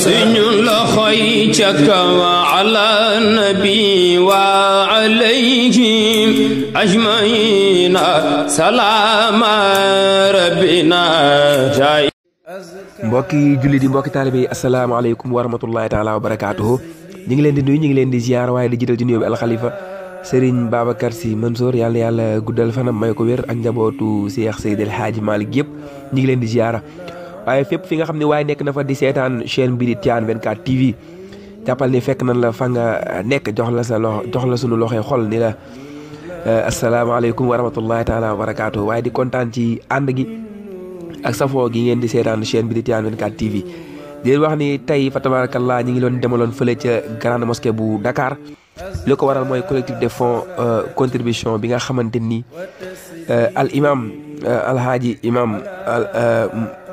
suñu loxo yi ca kaw ala nabi wa alayhim ajmaina salaama rabbina mbokki julli di mbokki taalibe yi asalaamaaleykum wa rahmatullahi taala wa barakaatuhu ñu ngi leen di nuyu ñu ngi leen di ziar waaye di jiital ci nuyoo bi alxalifa Serigne Babacar Sy Mansour yàlla yàlla guddal fanam may ko wér ak njabootu Cheikh Seydil Hadji Malick yëpp ñu ngi leen di ziara waaye fépp fi nga xam ne waaye nekk na fa di seetaan chaîne bi di Tivaouane 24 TV jàppal ni fekk nañ la fa nga nekk jox la sa loxo jox la sunu loxo xol ni la euh, asalaamaaleykum wa rahmatullahi taala wa barakaatu waaye di kontaan ci ànd gi ak gi ngeen di seetaan chaîne bi di Tivaouane 24 TV wax ni tey fa tabaarakallaa ngi doon demaloon fële ca grande mosquée bu Dakar li ko waral mooy collectif de fonds euh, contribution bi nga xamante ni euh, al imam alhaaji imam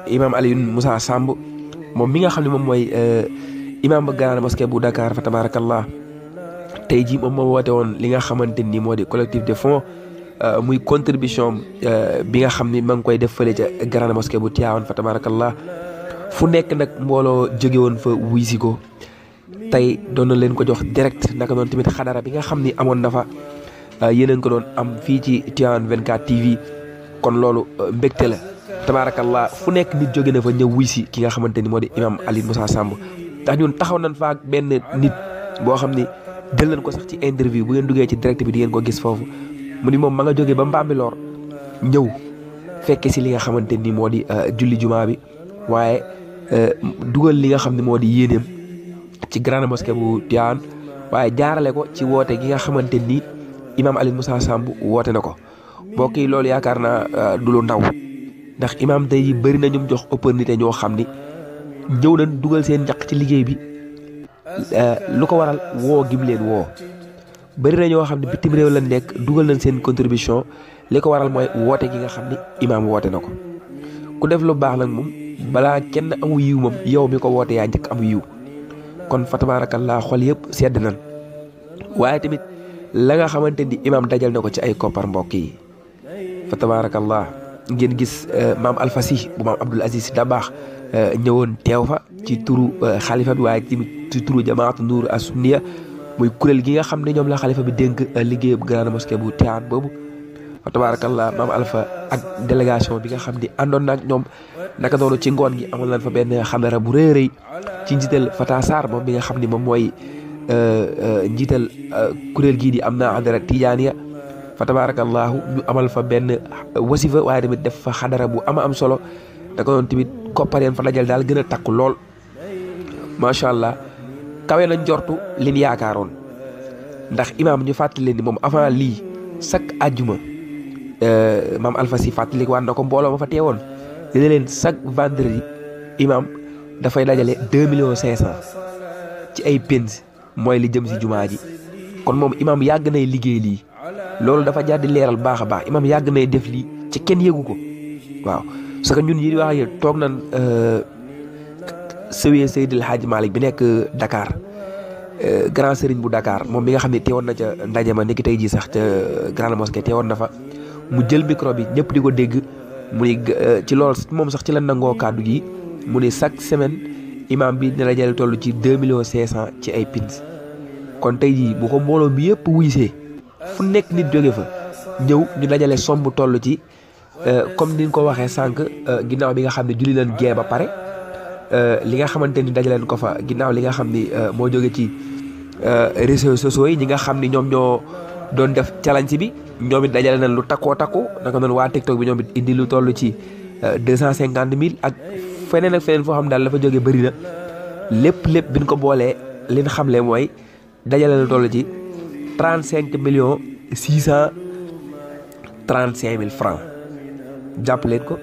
imaam Alioune Moussa sàmb moom mi nga xam ne moom mooy euh, imaam Grande Mosquée bu Dakar fa tabarakallah tey jii moom moo woote woon li nga xamante ni moo di collective de fonds euh, muy contribution euh, bi nga xam ni ma ngi koy def fële ca Grande Mosquée bu Tivaouane fa tabarakallah fu nekk nag mbooloo jóge woon fa wuy ko tey doon na leen ko jox direct naka noonu tamit xadara bi nga xam ni amoon na fa yéen ko doon am fii ci Tivaouane 24 TV kon loolu mbégte la. tabarakallah fu nekk nit jóge na fa ñëw ki nga xamante ni di imam Alioune musa Samb ndax ñun taxaw nañ fa ak benn nit boo xam ko sax ci interview bu ngeen duggee ci direct bi di ngeen ko gis foofu mu ni moom ma nga jóge ba Mbambilor ñëw fekke si li nga xamante ni moo di euh, julli jumaa bi waaye euh, dugal li nga xam ne di ci grande mosquée bu waaye jaarale ko ci woote gi nga xamante ni imam Alioune Moussa Samb woote na ko mbokk yi euh, du lu ndaw ndax imaam tey bari na ñum jox opportunité ñoo xam ni ñëw nañ dugal seen njaq ci liggéey bi euh, lu ko waral woo gim leen woo bëri na xam ne bitim réew lañ nekk dugal nañ seen contribution li ko waral mooy woote gi nga xam ni imaam woote na ko ku def lu baax nag moom balaa kenn amu yiw moom yow mi ko woote yaa njëkk amu yiw kon fa tabaarakallaa xol yëpp sedd nañ waaye tamit la nga xamante ni imaam dajal na ko ci ay koppar mbokk yi fa tabaarakallaa ngeen gis eh, mam alpha bu mam abdul aziz Dabah, eh, ñëwoon teew fa ci turu eh, xalifa bi ci turu nur Asunia, muy Kurel gi nga xam ne ñoom la xalifa bi dénk liggéeyub grande mosquée bu tabarakallah mam Alfa ak délégation bi nga xam ni àndoon naag naka noonu ci ngoon gi amal nañ fa benn xadara bu rëy rëy ci njiital fata sar bi nga xam ni moom mooy di amna adara tijaaniya fa tabaarakallaahu ñu amal fa benn wasifa waaye tamit def fa xadara bu ama am solo da ko doon tamit koppar yéen fa dajal daal gën a takku lool macha allah kawe nañ jortu liñ yaakaaroon ndax imaam ñu fàttali leen ni moom avant lii chaque àjjuma euh, maam Alpha Sy fàttali waan na ko mbooloo ma fa teewoon dina leen chaque vendredi imaam dafay dajale deux millions cinq ci ay pens mooy li jëm si jumaa ji kon moom imaam yàgg nay liggéey lii. loolu dafa jaar di leeral baax a baax imam yàgg nay def lii ci kenn yëgu ko waaw parce que ñun yi di wax toog na nañ euh, sëwee Seydil Hadji maale bi nekk dakaar euh, grand sëriñ bu dakaar moom bi nga xam ne teewoon na ca ndaje ma ni tey jii sax ca euh, grande te teewoon na fa mu jël micro bi ñëpp di ko dégg mu ni ci loolu moom sax ci la nangoo kàddu gi mu ni chaque semaine imam bi dina la jël tollu ci deux millions cinq cent ci ay pins kon tey jii bu ko mbooloo bi yëpp wuysee fu nekk nit jóge fa ñëw ñu dajale somb toll ci euh, comme ni ñu ko waxee sànq euh, ginnaaw bi nga xam ne julli leen gee ba pare euh, li nga xamante ni dajaleen ko fa ginnaaw li nga xam ni moo jóge ci réseaux sociaux yi ñi nga xam ni ñoom ñoo doon def challenge bi ñoom it dajale nañ lu takkoo takku naka noonu waa TikTok bi ñoom it indi lu tollu ci deux cent cinquante mille ak feneen ak feneen foo xam daal dafa jóge bëri na lépp lépp biñ ko boolee liñ xamle mooy dajale lu toll 35 millions 635 mille francs jàpp leen ko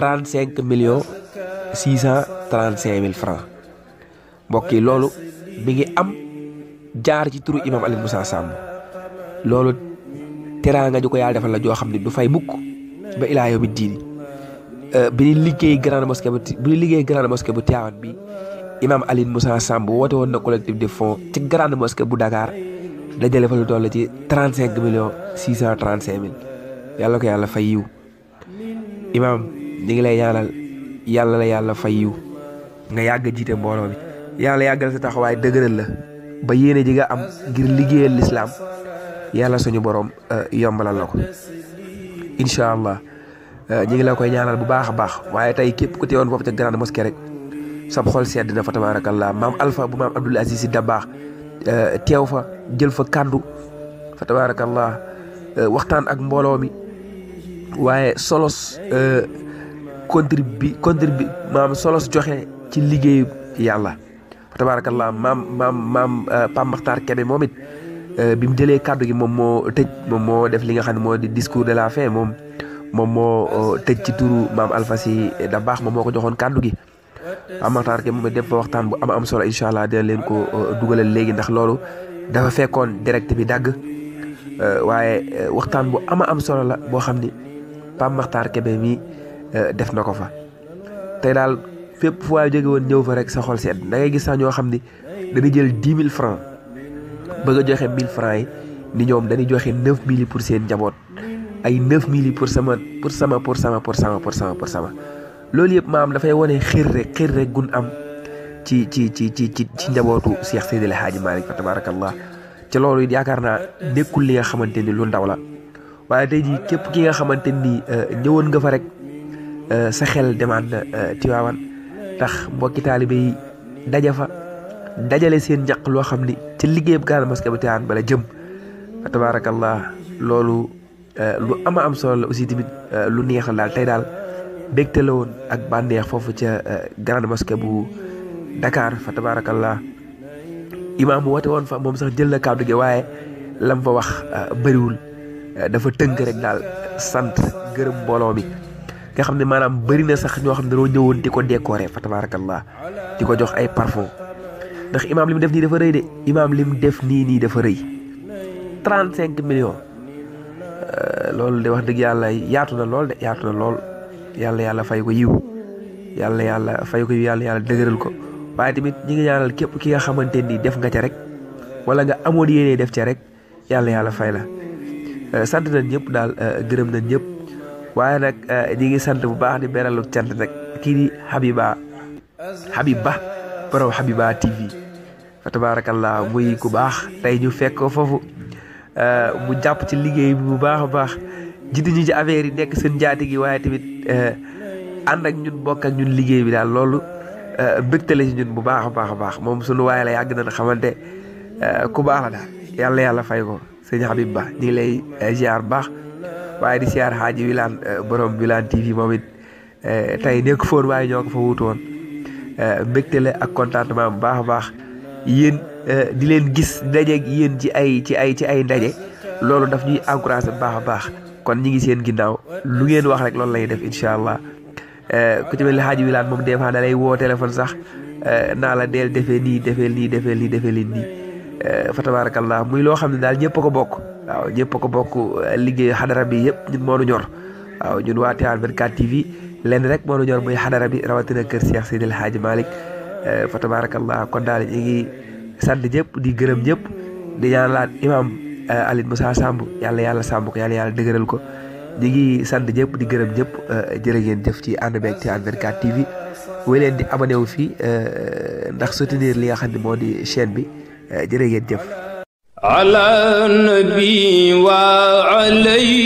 35 millions 635 mille francs mbokk yi loolu mi ngi am jaar ci turu imam Alioune Moussa Samb loolu teraanga ju ko yàlla defal la joo xam ne du fay mukk ba ilaa yow mi diin euh, bi ñu liggéey grande mosquée bu bi ñu liggéey grande mosquée bu Tivaouane bi imam Alioune Moussa Samb woote woon na collectif de fonds ci grande mosquée bu Dakar dajale fa lu toll ci trente cinq millions six cent trente cinq mille yàlla ko yàlla fay yiw imaam ñu ngi lay ñaanal yàlla la yàlla fay yiw nga yàgg jiite mbooloo bi yàlla yàggal sa waaye dëgëral la ba yéene ji nga am ngir liggéeyal lislaam yàlla suñu borom eh, yombalal la ko incha allah eh, ñu ngi la koy ñaanal bu baax a baax waaye tey képp ku teewoon foofu ca grande mosquée rek sab xol sedd na fa tabarakallah maam Alpha bu maam Abdoul Aziz Sy baax eh, teew fa jël fa kàddu fa tabaarakallah euh, waxtaan ak mbooloo mi waaye solos euh, contribu bi contribu maam solos joxe ci liggéey yàlla fa tabaarakallah maam maam maam euh, Pape Makhtar Kébé moom it bi mu jëlee kàddu gi moom moo tëj moom moo def li nga xam ne moo di discours de la fin moom moom moo tëj ci turu maam Alpha Sy Dabakh moom moo ko joxoon kàddu gi Pape Makhtar Kébé moom it def fa waxtaan bu am am solo incha allah dina leen ko dugalal léegi ndax loolu dafa fekkoon direct bi dagg euh, waaye euh, waxtaan bu ama am solo la boo xam ni Pape Makhtar Kébé mii euh, def na ko fa te daal fépp fu waay jóge woon ñëw fa rek sa xol sedd da gis sax ñoo xam ni dañuy jël dix mille francs bëgg a joxe mille francs yi ni ñoom dañuy joxe neuf mille yi pour seen njaboot ay neuf mille pour sama pour sama pour sama pour sama pour sama pour sama loolu yëpp maam dafay wone xir rek xir rek gun am ci ci ci ci ci ci njabootu Cheikh Seydil Hadji Malick fa tabarakallah ci loolu it yaakaar nekkul li nga xamante ni lu ndaw la waaye tey jii képp ki nga xamante ni euh, ñëwoon nga fa rek euh, sa xel demaat na euh, Tiwaawan tax mbokki taalibe daja fa dajale seen njaq loo xam ni ci liggéeyam Grande Mosquée bu Tiwaawan bala jëm fa tabarakallah loolu lu ama am solo la aussi tamit lu neex la daal tey daal bégte la woon ak bànneex foofu ca Grande Mosquée bu Dakar fa tabaarakallah imaam woote woon fa moom sax jël na kàddu gi waaye lam fa wax euh, bëriwul euh, dafa tënk rek daal sant gërëm mbooloo mi nga xam ne maanaam bëri na sax ñoo xam ne dañoo ñëwoon di ko décorer fa tabaarakallah di ko jox ay parfum ndax imaam li mu def nii dafa rëy de imaam li mu def nii nii dafa rëy 35 millions euh, loolu de wax dëgg yàlla yaatu na lool de yaatu na lool yàlla yàlla fay ko yiw yàlla yàlla fay ko yiw yàlla yàlla dëgëral ko waaye tamit ñi ngi ñaanal képp ki nga xamante ni def nga ca rek wala nga amoon yéene def ca rek yàlla yàlla fay la euh, sant nañ ñëpp daal euh, gërëm nañ ñëpp waaye nag euh, ñi ngi sant bu baax di beralu cant nag kii di Habiba Habiba borom Habiba TV fa tabarakallah muy ku baax tey ñu fekk ko foofu mu jàpp ci liggéey bi bu baax a baax jiitu ñu ci affaire yi nekk seen jaati gi waaye tamit ànd ak ñun bokk ak ñun liggéey bi daal loolu Euh, mbégte la ci ñun bu baax a baax a baax moom sunu waaye la yàgg na xamante euh, ku baax la daal yàlla yàlla fay ko sëñ Habib baax ñu ngi lay euh, ziar baax waaye di ziar xaaji Wilane borom Wilane TV moom it tey nekk foon waaye ñoo ko fa wuutu woon mbégte la ak contentement bu baax a baax yéen di leen gis dajeeg yéen ci ay ci ay ci ay ndaje loolu daf ñuy encouragé baax a baax kon ñi ngi seen ginnaaw lu ngeen wax rek loolu lay def incha allah. Eh, ku ci mel ni xaaji wilaan moom des fois del lay woo téléphone sax eh, naa la deel defee nii defee lii defee lii defee lii nii eh, fa tabarakallah muy loo xam ne daal ko bokk waaw ñëpp ko liggéey bi ñun ñor waaw ñun 24 TV lenn rek ñor muy xadara bi rawatina kër Cheikh Seydil Hadji Malick fa tabarakallah kon daal ñu ngi sant di gërëm ñëpp di ñaan imam Alioune musa Samb yàlla yàlla sambu ko yàlla yàlla ko ñu ngi sant ñëpp di gërëm ñëpp euh, jërë ngeen jëf ci ànd beeg ci T24 TV wéy di abonné wu fii euh, ndax soutenir li nga xam ne moo di chaîne bi euh, jërë ngeen jëf ala nabi wa alayhi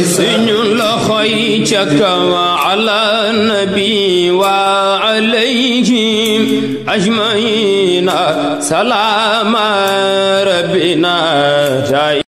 سن لخيتك وعلى النبي وعليهم أجمعين سلام ربنا جاي